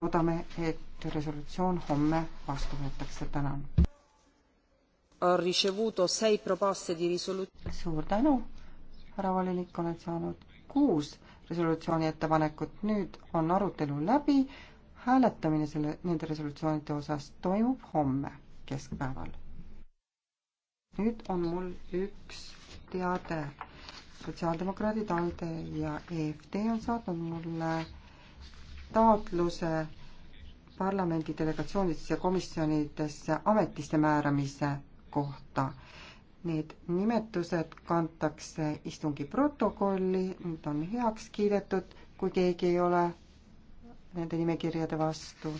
loodame, et resolutsioon homme vastu võetakse, tänan. suur tänu, härra volinik, oled saanud kuus resolutsiooni ettepanekut, nüüd on arutelu läbi, hääletamine selle, nende resolutsioonide osas toimub homme keskpäeval. nüüd on mul üks teade. sotsiaaldemokraadid, ALDE ja EFD on saatnud mulle taotluse parlamendi delegatsioonidesse ja komisjonidesse ametisse määramise kohta. Need nimetused kantakse istungi protokolli, need on heaks kiidetud, kui keegi ei ole nende nimekirjade vastu